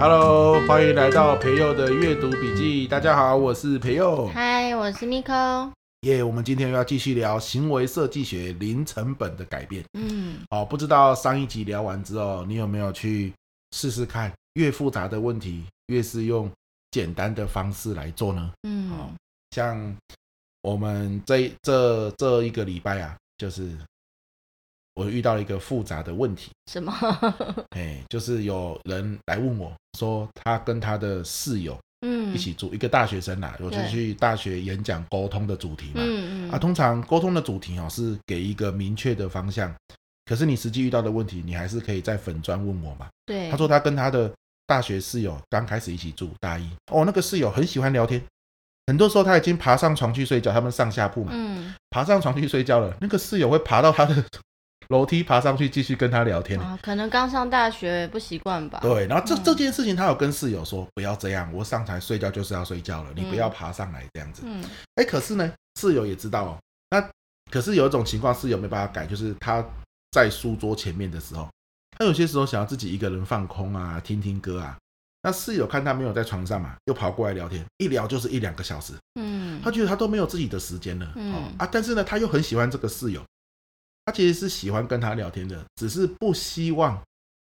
Hello，歡迎來到培祐的閱讀筆記。大家好，我是培祐。嗨，我是 Miko。耶，yeah, 我們今天又要繼續聊行為設計學零成本的改變。嗯，好、哦，不知道上一集聊完之後，你有沒有去試試看，越複雜的問題，越是用簡單的方式來做呢？嗯、哦，像我們這這這一個禮拜啊，就是。我遇到了一個複雜的問題，什麼？哎 就是有人來問我，說他跟他的室友，嗯，一起住，嗯，一個大學生啦，啊，對我就去大學演講溝通的主題嘛，嗯嗯，嗯啊，通常溝通的主題哦，是給一個明確的方向，可是你實際遇到的問題，你還是可以在粉專問我嘛，對，他說他跟他的大學室友剛開始一起住大一，哦，那個室友很喜歡聊天，很多時候他已經爬上床去睡覺，他們上下鋪嘛，嗯，爬上床去睡覺了，那個室友會爬到他的。樓梯爬上去繼續跟他聊天，啊、可能剛上大學不習慣吧。對，然後這、嗯、這件事情他有跟室友說不要這樣，我上台睡覺就是要睡覺了，嗯、你不要爬上來這樣子。嗯，哎、欸，可是呢，室友也知道，哦。那可是有一種情況室友沒辦法改，就是他在書桌前面的時候，他有些時候想要自己一個人放空啊，聽聽歌啊。那室友看他沒有在床上嘛，又跑過來聊天，一聊就是一兩個小時。嗯，他覺得他都沒有自己的時間了、嗯哦。啊，但是呢，他又很喜歡這個室友。他其實是喜歡跟他聊天的，只是不希望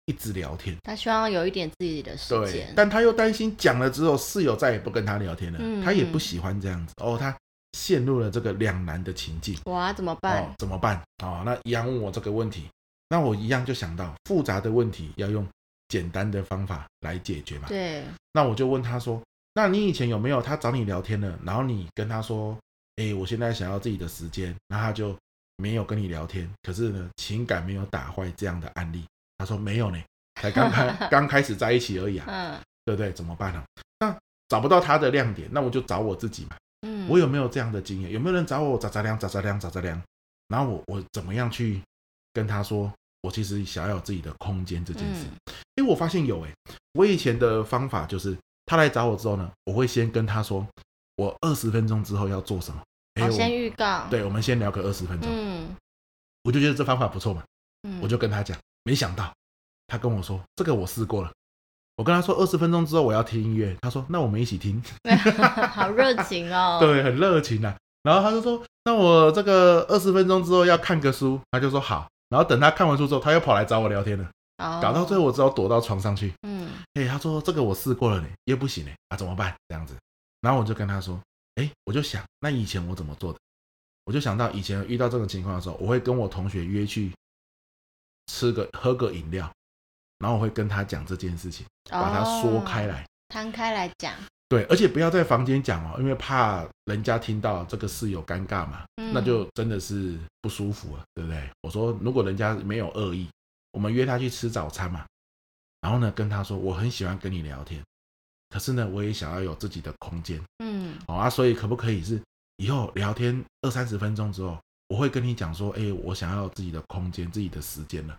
一直聊天。他希望有一點自己的時間。對，但他又擔心講了之後室友再也不跟他聊天了。嗯嗯。他也不喜歡這樣子哦，他陷入了這個兩難的情境。哇，怎麼辦？哦，怎麼辦啊？哦，那一樣問我這個問題，那我一樣就想到複雜的問題要用簡單的方法來解決嘛。對，那我就問他說：“那你以前有沒有他找你聊天了，然後你跟他說，誒，我現在想要自己的時間，然後他就。”沒有跟你聊天，可是呢，情感沒有打壞這樣的案例。他說沒有呢，才剛剛剛開始在一起而已啊，嗯，對不對？怎麼辦呢？那找不到他的亮點，那我就找我自己嘛。嗯，我有沒有這樣的經驗？有沒有人找我？找找亮，找找亮，找找亮。然後我我怎麼樣去跟他說？我其實想要有自己的空間這件事。因為我發現有誒，我以前的方法就是，他來找我之後呢，我會先跟他說，我二十分鐘之後要做什麼。好，先預告，對，我們先聊個二十分鐘。嗯，我就覺得這方法不錯嘛，嗯、我就跟他講。沒想到他跟我說，這個我試過了。我跟他說二十分鐘之後我要聽音樂，他說那我們一起聽。 好熱情哦，對，很熱情啊。然後他就說，那我這個二十分鐘之後要看個書，他就說好。然後等他看完書之後，他又跑來找我聊天了。哦、搞到最後我只好躲到床上去。嗯，哎，他說這個我試過了呢，又不行呢，啊怎麼辦？這樣子，然後我就跟他說。哎，我就想，那以前我怎麼做的？我就想到以前遇到這種情況的時候，我會跟我同學約去吃個、喝個飲料，然後我會跟他講這件事情，把它說開來、攤、哦、開來講。對，而且不要在房間講哦，因為怕人家聽到這個事有尷尬嘛，嗯、那就真的是不舒服了，對不對？我說，如果人家沒有惡意，我們約他去吃早餐嘛，然後呢，跟他說我很喜歡跟你聊天，可是呢，我也想要有自己的空間，嗯，好啊，所以可不可以是以後聊天二三十分鐘之後，我會跟你講說，哎，我想要有自己的空間、自己的時間了，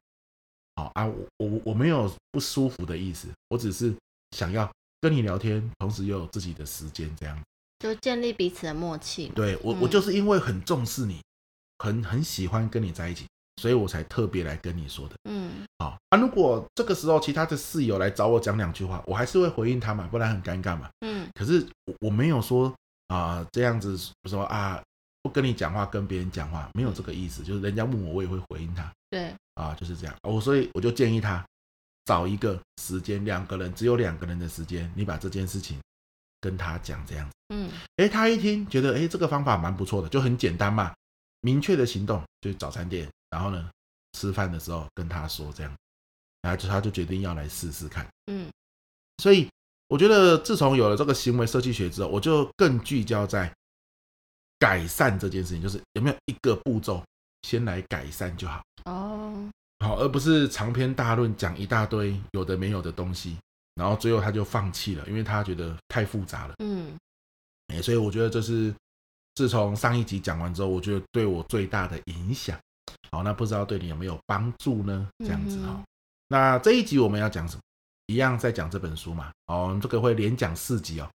好啊，我我我沒有不舒服的意思，我只是想要跟你聊天，同時又有自己的時間，這樣就建立彼此的默契。對，嗯，我，我就是因為很重視你，很很喜歡跟你在一起。所以我才特別來跟你說的，嗯、啊，如果這個時候其他的室友來找我講兩句話，我還是會回應他嘛，不然很尷尬嘛，嗯，可是我我沒有說啊、呃、這樣子說啊不跟你講話，跟別人講話，沒有這個意思，嗯、就是人家問我，我也會回應他，對，啊，就是這樣，我所以我就建議他找一個時間，兩個人只有兩個人的時間，你把這件事情跟他講這樣子，嗯，哎、欸，他一聽覺得哎、欸、這個方法蠻不錯的，就很簡單嘛，明確的行動，就是早餐店。然後呢，吃飯的時候跟他說這樣，然後就他就決定要來試試看。嗯，所以我覺得自從有了這個行為設計學之後，我就更聚焦在改善這件事情，就是有沒有一個步驟先來改善就好。哦，好，而不是長篇大論講一大堆有的沒有的東西，然後最後他就放棄了，因為他覺得太複雜了。嗯，欸，所以我覺得這是自從上一集講完之後，我覺得對我最大的影響。好，那不知道對你有沒有幫助呢？這樣子哈、哦，嗯、哼那這一集我們要講什麼？一樣在講這本書嘛。哦，這個會連講四集哦，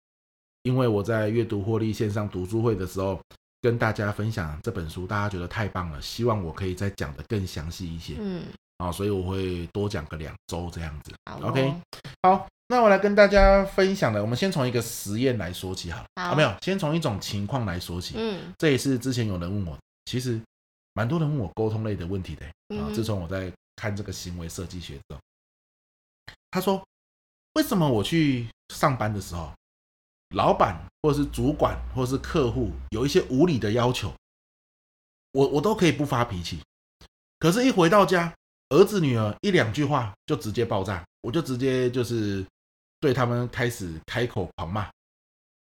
因為我在閱讀獲利線上讀書會的時候跟大家分享這本書，大家覺得太棒了，希望我可以再講得更詳細一些。嗯，啊、哦，所以我會多講個兩週這樣子。好、哦，OK。好，那我來跟大家分享了。我們先從一個實驗來說起好，好、哦、沒有，先從一種情況來說起。嗯，這也是之前有人問我，其實。蠻多人問我溝通類的問題的啊，自從我在看這個行為設計學之後，他說為什麼我去上班的時候，老板或是主管或是客戶有一些無理的要求，我我都可以不發脾氣，可是，一回到家，兒子女兒一兩句話就直接爆炸，我就直接就是對他們開始開口狂罵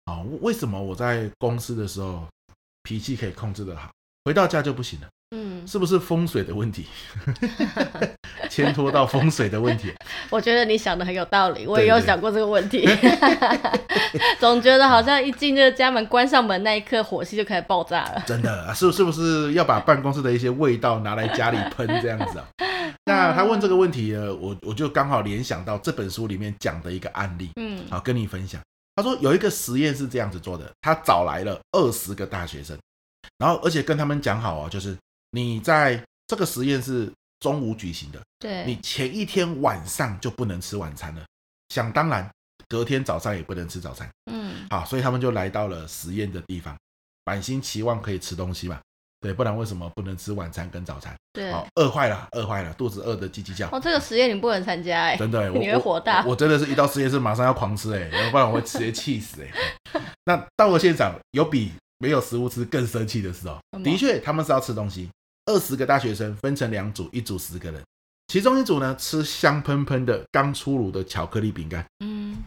啊，為什麼我在公司的時候脾氣可以控制得好，回到家就不行了？是不是風水的問題？牽 拖到風水的問題， 我覺得你想的很有道理，我也有想過這個問題， 總覺得好像一進這個家門，關上門那一刻，火氣就開始爆炸了。真的是、啊、是不是要把辦公室的一些味道拿來家裡噴這樣子啊？那他問這個問題呢，我我就剛好聯想到這本書裡面講的一個案例，嗯，好跟你分享。他說有一個實驗是這樣子做的，他找來了二十個大學生，然後而且跟他們講好啊，就是。你在這個實驗是中午舉行的，對，你前一天晚上就不能吃晚餐了，想當然，隔天早上也不能吃早餐，嗯，好，所以他們就來到了實驗的地方，滿心期望可以吃東西吧？對，不然為什麼不能吃晚餐跟早餐？對，好，餓壞了，餓壞了，肚子餓得嘰嘰叫。哦，這個實驗你不能參加哎，欸，真的，欸，你別火大，我真的是一到實驗室馬上要狂吃哎，欸，要不然我會直接氣死哎，欸。 那到了現場有比。沒有食物吃更生氣的時候麼，的確他們是要吃東西。二十個大學生分成兩組，一組十個人，其中一組呢吃香噴噴的剛出爐的巧克力餅乾，嗯，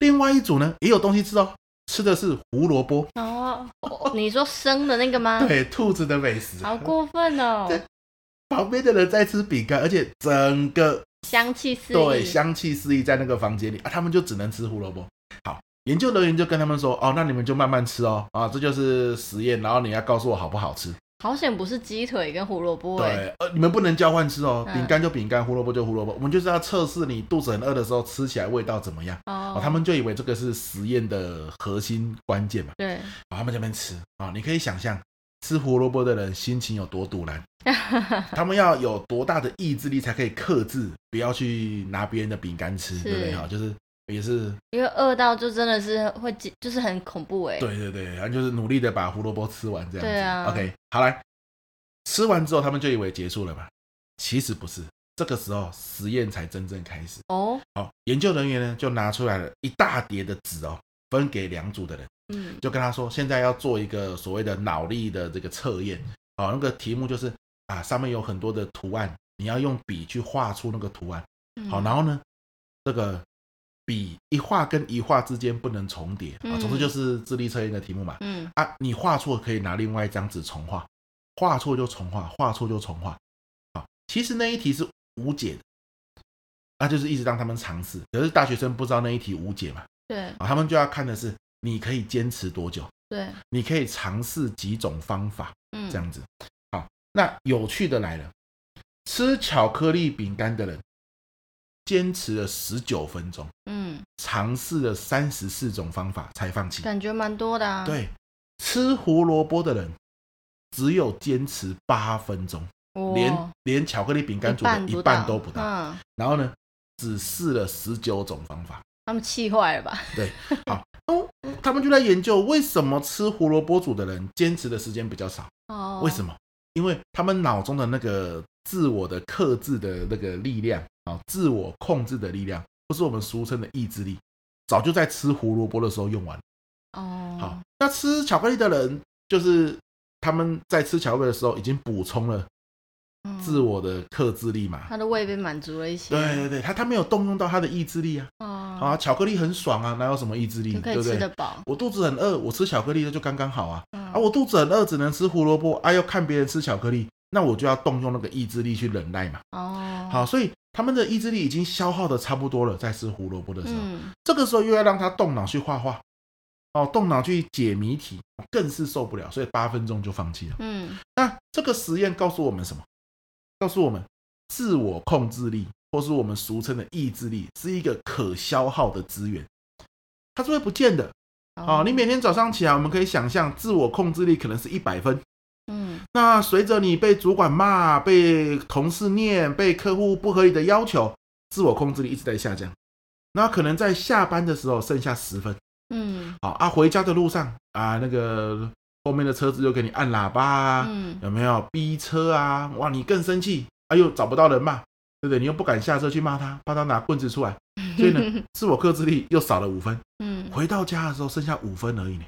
另外一組呢也有東西吃哦，吃的是胡蘿蔔哦。你說生的那個嗎？ 對，兔子的美食，好過分哦。旁邊的人在吃餅乾，而且整個香氣四溢，對，香氣四溢在那個房間裡啊，他們就只能吃胡蘿蔔。好。研究人員就跟他們說：“哦，那你們就慢慢吃哦，啊，這就是實驗，然後你要告訴我好不好吃。”好險不是雞腿跟胡蘿蔔、欸。對，呃，你們不能交換吃哦，餅乾就餅乾，嗯、胡蘿蔔就胡蘿蔔。我們就是要測試你肚子很餓的時候吃起來味道怎麼樣。哦，哦，他們就以為這個是實驗的核心關鍵嘛。對，啊、哦，他們在那邊吃啊、哦，你可以想象吃胡蘿蔔的人心情有多賭爛， 他們要有多大的意志力才可以克制，不要去拿別人的餅乾吃，是對不對？哈，就是。也是，因為餓到就真的是會，就是很恐怖哎、欸。對對對，然後就是努力的把胡蘿蔔吃完這樣。對啊。OK，好來。吃完之後他們就以為結束了吧？其實不是，這個時候實驗才真正開始哦。好，研究人員呢就拿出來了一大疊的紙哦，分給兩組的人，嗯，就跟他說現在要做一個所謂的腦力的這個測驗，嗯、好，那個題目就是啊上面有很多的圖案，你要用筆去畫出那個圖案，嗯、好，然後呢這個。筆一畫跟一畫之間不能重疊啊，嗯、總之就是智力測驗的題目嘛。嗯啊，你畫錯可以拿另外一張紙重畫，畫錯就重畫，畫錯就重畫。啊，其實那一題是無解的，那、啊、就是一直讓他們嘗試。可是大學生不知道那一題無解嘛？對、啊，他們就要看的是你可以堅持多久，對，你可以嘗試幾種方法，嗯、這樣子。好、啊，那有趣的來了，吃巧克力餅乾的人。堅持了十九分鐘，嗯，嘗試了三十四種方法才放棄，感覺蠻多的啊。對，吃胡蘿蔔的人只有堅持八分鐘，哦、連連巧克力餅乾組的一半都不到。嗯、然後呢，只試了十九種方法，他們氣壞了吧？ 對好、哦、他們就在研究為什麼吃胡蘿蔔組的人堅持的時間比較少、哦、為什麼？因為他們腦中的那個。自我的克制的那個力量啊，自我控制的力量，不是我們俗稱的意志力，早就在吃胡蘿蔔的時候用完哦，Oh. 好，那吃巧克力的人，就是他們在吃巧克力的時候已經補充了自我的克制力嘛？Oh. 他的胃被滿足了一些。對對對，他他沒有動用到他的意志力啊。哦，啊，巧克力很爽啊，哪有什麼意志力？對不對？對，我肚子很餓，我吃巧克力那就剛剛好啊。Oh. 啊，我肚子很餓，只能吃胡蘿蔔。哎、啊、呦，看別人吃巧克力。那我就要動用那個意志力去忍耐嘛。哦。好，所以他們的意志力已經消耗得差不多了，在吃胡蘿蔔的時候，這個時候又要讓他動腦去畫畫，哦，動腦去解謎題，更是受不了，所以八分鐘就放棄了。嗯。那這個實驗告訴我們什麼？告訴我們，自我控制力，或是我們俗稱的意志力，是一個可消耗的資源，它是會不見的。好，你每天早上起來，我們可以想象，自我控制力可能是一百分。嗯，那隨着你被主管罵、被同事念、被客戶不合理的要求，自我控制力一直在下降。那可能在下班的時候剩下十分，嗯，好啊，回家的路上啊，那個後面的車子又給你按喇叭，嗯、有沒有逼車啊？哇，你更生氣，啊，又找不到人罵，對不對？你又不敢下車去罵他，怕他拿棍子出來，所以呢， 自我克制力又少了五分。嗯，回到家的時候剩下五分而已呢。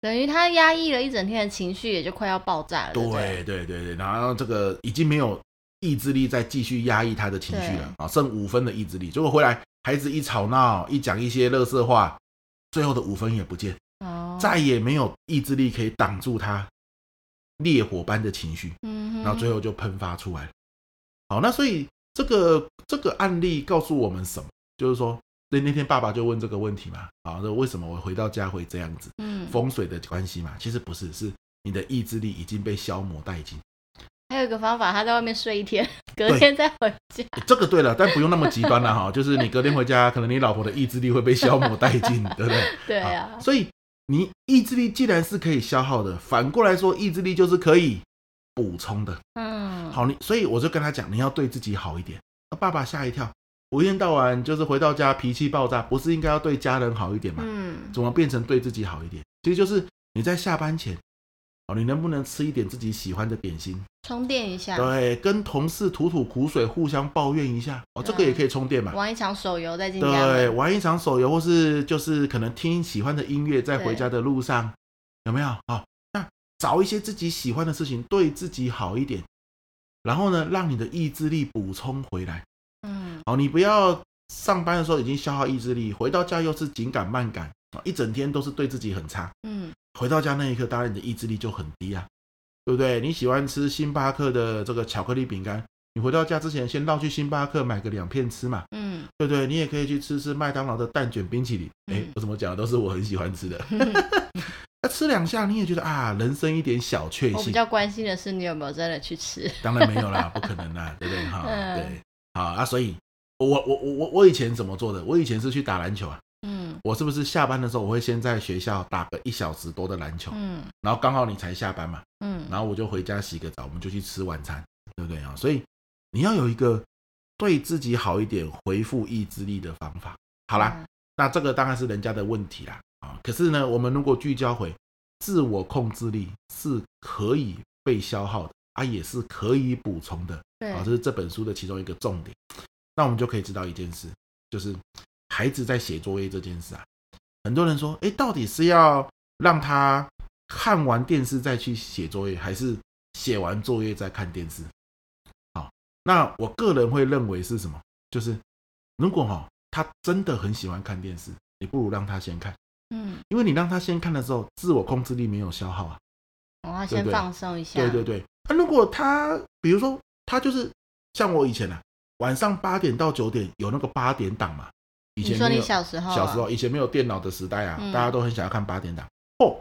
等於他壓抑了一整天的情緒，也就快要爆炸了。對對對，對對對，然後這個已經沒有意志力再繼續壓抑他的情緒了啊，對剩五分的意志力，結果回來孩子一吵鬧，一講一些垃圾話，最後的五分也不見哦，再也沒有意志力可以擋住他烈火般的情緒，嗯哼，然後最後就噴發出來了。好，那所以這個這個案例告訴我們什麼？就是說，那那天爸爸就問這個問題嘛，啊，那為什麼我回到家會這樣子？嗯風水的關係嘛，其實不是，是你的意志力已經被消磨殆盡。還有一個方法，他在外面睡一天，對隔天再回家。這個對了，但不用那麼極端了、啊、哈。 就是你隔天回家，可能你老婆的意志力會被消磨殆盡，對不對？對啊。所以你意志力既然是可以消耗的，反過來說，意志力就是可以補充的。嗯。好，你所以我就跟他講，你要對自己好一點。啊、爸爸嚇一跳，我一天到晚就是回到家脾氣爆炸，不是應該要對家人好一點嗎？嗯。怎麼變成對自己好一點？其實就是你在下班前，哦，你能不能吃一點自己喜歡的點心，充電一下？對，跟同事吐吐苦水，互相抱怨一下，哦、啊，這個也可以充電嘛。玩一場手遊再進家門。對，玩一場手遊，或是就是可能聽喜歡的音樂，在回家的路上對有沒有？好、哦，那找一些自己喜歡的事情，對自己好一點，然後呢，讓你的意志力補充回來。嗯，好、哦，你不要上班的時候已經消耗意志力，回到家又是緊趕慢趕。一整天都是對自己很差，嗯，回到家那一刻，當然你的意志力就很低啊，對不對？你喜歡吃星巴克的這個巧克力餅乾，你回到家之前先繞去星巴克買個兩片吃嘛，嗯，對不對？你也可以去吃吃麥當勞的蛋卷冰淇淋，哎、嗯，我怎麼講的都是我很喜歡吃的， 啊、吃兩下你也覺得啊，人生一點小確幸。我比較關心的是你有沒有真的去吃， 當然沒有啦，不可能啦，對不對？哈、哦，嗯、對，好啊，所以，我我我我我以前怎麼做的？我以前是去打籃球啊。嗯，我是不是下班的時候我會先在學校打個一小時多的籃球？嗯，然後剛好你才下班嘛，嗯，然後我就回家洗個澡，我們就去吃晚餐，對不對、啊？樣。所以你要有一個對自己好一點、恢復意志力的方法。好啦，嗯、那這個當然是人家的問題啦，啊，可是呢，我們如果聚焦回自我控制力是可以被消耗的，它、啊、也是可以補充的，對，啊，這是這本書的其中一個重點。那我們就可以知道一件事，就是。孩子在寫作業這件事啊，很多人說，哎，到底是要讓他看完電視再去寫作業，還是寫完作業再看電視？好，那我個人會認為是什麼？就是如果哈、哦，他真的很喜歡看電視，你不如讓他先看，嗯，因為你讓他先看的時候，自我控制力沒有消耗啊，我要先放鬆一下對對，對對對。那、啊、如果他，比如說他就是像我以前啊，晚上八點到九點有那個八點檔嘛。你說你啊、以前沒有小時候，小時候以前沒有電腦的時代啊，嗯、大家都很想要看八點檔。哦，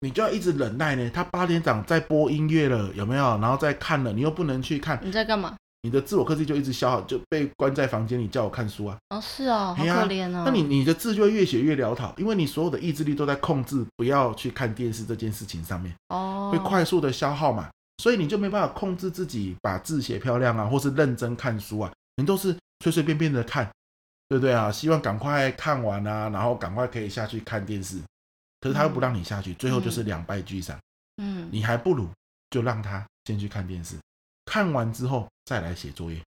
你就要一直忍耐呢。他八點檔在播音樂了，有沒有？然後再看了，你又不能去看。你在幹嘛？你的自我克制就一直消耗，就被關在房間裡叫我看書啊。哦，是哦，好可憐哦。哎、那你你的字就會越寫越潦草，因為你所有的意志力都在控制不要去看電視這件事情上面哦，會快速的消耗嘛，所以你就沒辦法控制自己把字寫漂亮啊，或是認真看書啊，你都是隨隨便便的看。對對啊，希望趕快看完啊，然後趕快可以下去看電視，可是他又不讓你下去，嗯、最後就是兩敗俱傷。嗯，你還不如就讓他先去看電視，看完之後再來寫作業。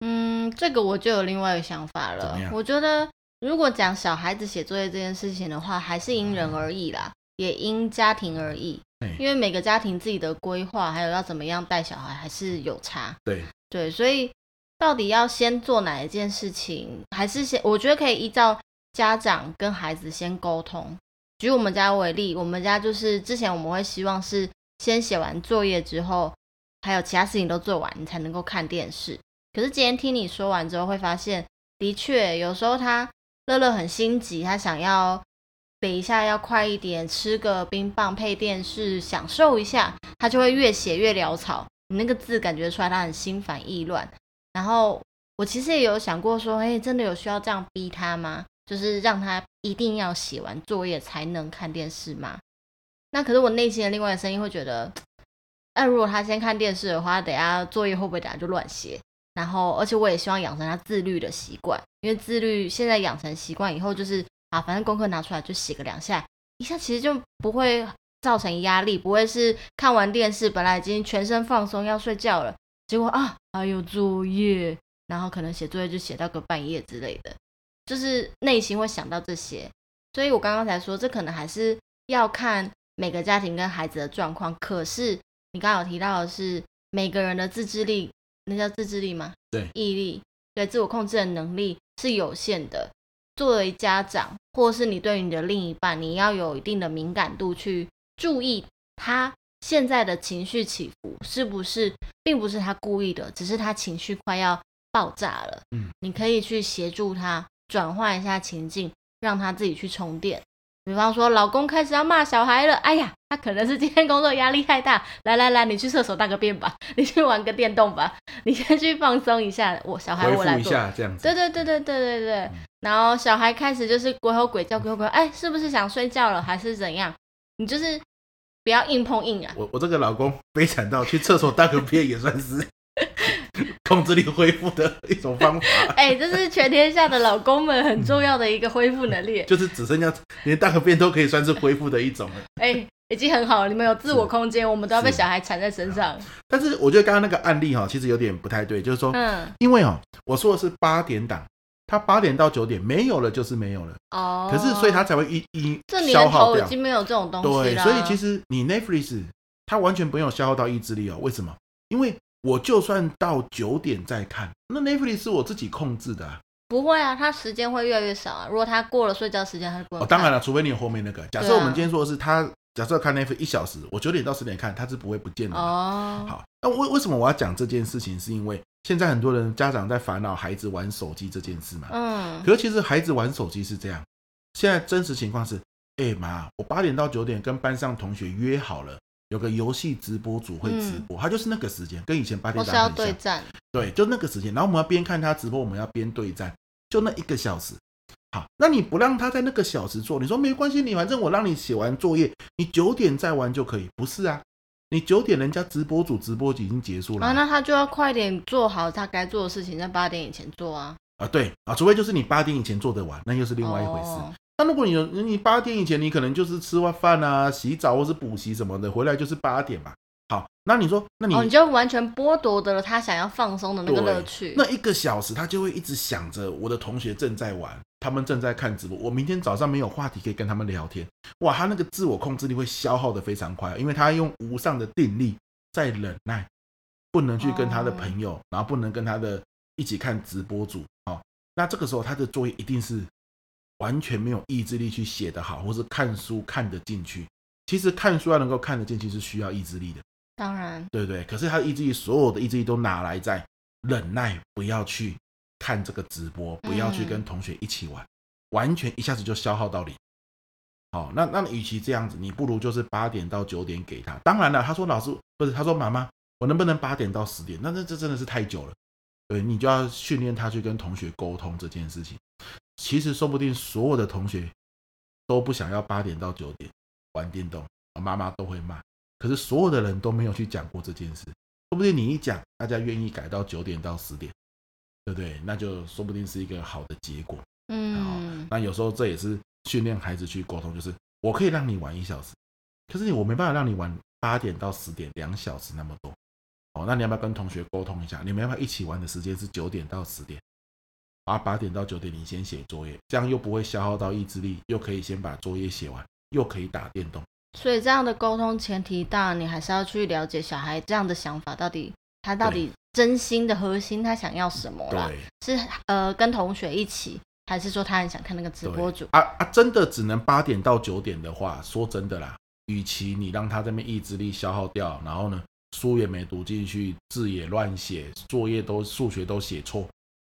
嗯，這個我就有另外一個想法了。怎麼樣？我覺得如果講小孩子寫作業這件事情的話，還是因人而異啦，嗯、也因家庭而異。嗯、因為每個家庭自己的規劃還有要怎麼樣帶小孩還是有差。對對，所以。到底要先做哪一件事情，還是先？我覺得可以依照家長跟孩子先溝通。舉我們家為例，我們家就是之前我們會希望是先寫完作業之後，還有其他事情都做完，你才能夠看電視。可是今天聽你說完之後，會發現的確，有時候他樂樂很心急，他想要等一下要快一點，吃個冰棒、配電視，享受一下，他就會越寫越潦草。你那個字感覺出來，他很心煩意亂。然後我其實也有想過說，哎、欸，真的有需要這樣逼他嗎？就是讓他一定要寫完作業才能看電視嗎？那可是我內心的另外一個聲音會覺得，那、呃、如果他先看電視的話，等下作業會不會等下就亂寫？然後，而且我也希望養成他自律的習慣，因為自律現在養成習慣以後，就是啊，反正功課拿出來就寫個兩下一下，其實就不會造成壓力，不會是看完電視本來已經全身放鬆要睡覺了。結果啊，還有作業，然後可能寫作業就寫到個半夜之類的，就是內心會想到這些，所以我剛剛才說，這可能還是要看每個家庭跟孩子的狀況。可是你剛剛有提到的是每個人的自制力，那叫自制力嗎？對，毅力，對，自我控制的能力是有限的。作為家長，或者是你對於你的另一半，你要有一定的敏感度去注意他。現在的情緒起伏是不是並不是他故意的，只是他情緒快要爆炸了。嗯，你可以去協助他轉換一下情境，讓他自己去充電。比方說，老公開始要罵小孩了，哎呀，他可能是今天工作壓力太大。來來來，你去廁所大個便吧，你去玩個電動吧，你先去放鬆一下。我小孩我來做一下這樣子。對對對對對對對。嗯，然後小孩開始就是鬼吼鬼叫鬼吼鬼吼，哎，是不是想睡覺了還是怎樣？你就是。不要硬碰硬啊！我我這個老公悲慘到去廁所大個便也算是控制力恢復的一種方法。哎、 欸，這是全天下的老公們很重要的一個恢復能力、嗯。就是只剩下連大個便都可以算是恢復的一種了。哎、欸，已經很好，你們有自我空間，是我們都要被小孩纏在身上、嗯。但是我覺得剛剛那個案例哈、喔，其實有點不太對，就是說，嗯，因為哦、喔，我說的是八點檔。他八點到九點沒有了，就是沒有了。哦，可是所以他才會一一消耗掉。這年頭已經沒有這種東西了、啊。對，所以其實你 Netflix 是他完全不用消耗到意志力哦。為什麼？因為我就算到九點再看，那 Netflix 是我自己控制的、啊。不會啊，他時間會越來越少啊。如果他過了睡覺時間，他就過來哦，當然了、啊，除非你後面那個。假設我們今天說的是他，對啊，假設看 Netflix 一小時，我九點到十點看，他是不會不見的。哦，好。那為為什麼我要講這件事情？是因為。現在很多人家長在煩惱孩子玩手機這件事嘛，嗯，可是其實孩子玩手機是這樣，現在真實情況是，哎、欸、媽，我八點到九點跟班上同學約好了，有個遊戲直播主會直播，嗯、他就是那個時間，跟以前八點到很像，對，對，就那個時間，然後我們要邊看他直播，我們要邊對戰，就那一個小時，好，那你不讓他在那個小時做，你說沒關係，你反正我讓你寫完作業，你九點再玩就可以，不是啊。你九點人家直播主直播已經結束了啊，那他就要快點做好他該做的事情，在八點以前做啊啊、呃、對啊，除非就是你八點以前做得完，那又是另外一回事。哦、那如果你有你八點以前你可能就是吃完飯啊、洗澡或是補習什麼的，回來就是八點嘛。好，那你說那你，、哦、你就完全剝奪得了他想要放鬆的那個樂趣。那一個小時他就會一直想着我的同學正在玩。他們正在看直播，我明天早上沒有話題可以跟他們聊天，哇，他那個自我控制力會消耗得非常快，因為他用無上的定力在忍耐，不能去跟他的朋友，嗯、然後不能跟他的一起看直播組、哦，那這個時候他的作業一定是完全沒有意志力去寫得好，或是看書看得進去。其實看書要能夠看得進去是需要意志力的，當然，對對，可是他的意志力，所有的意志力都拿來在忍耐，不要去，看這個直播，不要去跟同學一起玩，嗯、完全一下子就消耗到零。好，那那與其這樣子，你不如就是八點到九點給他。當然了，他說老師，不是，他說媽媽，我能不能八點到十點？那那這真的是太久了。對，你就要訓練他去跟同學溝通這件事情。其實說不定所有的同學都不想要八點到九點玩電動，媽媽都會罵。可是所有的人都沒有去講過這件事，說不定你一講，大家願意改到九點到十點。對對？那就說不定是一個好的結果。嗯，那有時候這也是訓練孩子去溝通，就是我可以讓你玩一小時，可是我沒辦法讓你玩八點到十點兩小時那麼多。哦，那你要不要跟同學溝通一下？你沒辦法一起玩的時間是九點到十點，啊，八點到九點你先寫作業，這樣又不會消耗到意志力，又可以先把作業寫完，又可以打電動。所以這樣的溝通前提大，當然你還是要去了解小孩這樣的想法到底。他到底真心的核心，對他想要什麼啦？對是呃，跟同學一起，還是說他很想看那個直播主啊啊？真的只能八點到九點的話，說真的啦，與其你讓他這邊意志力消耗掉，然後呢，書也沒讀進去，字也亂寫，作業都數學都寫錯，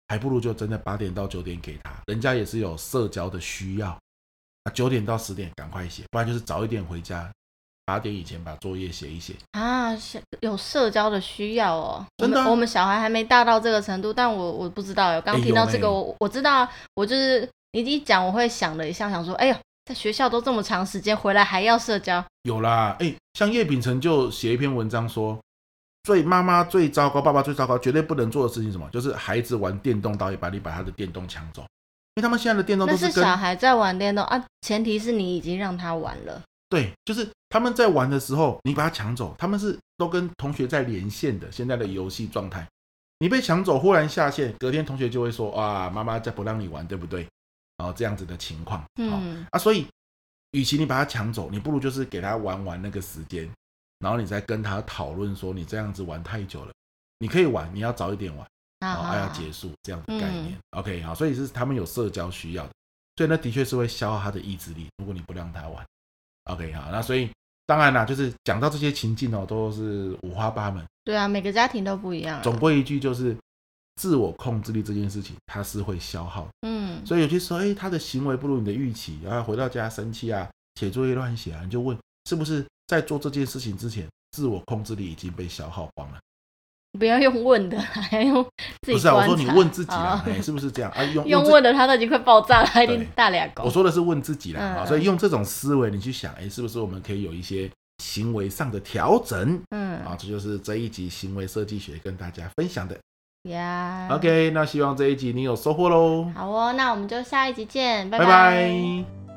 還不如就真的八點到九點給他，人家也是有社交的需要。啊，九點到十點趕快寫，不然就是早一點回家。八點以前把作業寫一寫啊，有社交的需要哦。真的、啊，我們小孩還沒大到這個程度，但我我不知道有剛，剛聽到這個，我我知道，我就是你一講，我會想了一下，想，想說，哎呦，在學校都這麼長時間，回來還要社交。有啦，哎，像葉丙成就寫一篇文章說，最媽媽最糟糕，爸爸最糟糕，絕對不能做的事情什麼，就是孩子玩電動到，到一半把你把他的電動搶走，因為他們現在的電動都是，是小孩在玩電動啊，前提是你已經讓他玩了。對，就是他們在玩的時候，你把他搶走，他們是都跟同學在連線的現在的遊戲狀態。你被搶走，忽然下線，隔天同學就會說：“哇、啊，媽媽再不讓你玩，對不對？”哦，這樣子的情況。嗯啊，所以，與其你把他搶走，你不如就是給他玩玩那個時間，然後你再跟他討論說：“你這樣子玩太久了，你可以玩，你要早一點玩，啊哈，然後還要結束這樣的概念。嗯” OK，好、啊，所以是他們有社交需要的，所以那的確是會消耗他的意志力。如果你不讓他玩。OK 好，那所以當然啦，就是講到這些情境哦，都是五花八門。對啊，每個家庭都不一樣。總歸一句就是，自我控制力這件事情，它是會消耗的。嗯，所以有些時候，哎、欸，他的行為不如你的預期，然後回到家生氣啊，寫作業亂寫啊，你就問，是不是在做這件事情之前，自我控制力已經被消耗光了？不要用問的，還要用自己。不是、啊，我說你問自己啊、哦欸，是不是這樣啊？用問用問的，他都已經快爆炸了，已經大兩高，我說的是問自己啦，嗯、所以用這種思維你去想，哎、欸，是不是我們可以有一些行為上的調整？嗯，啊，這就,就是這一集行為設計學跟大家分享的。Yeah、嗯。OK，那希望這一集你有收穫嘍。好哦，那我們就下一集見，拜拜。拜拜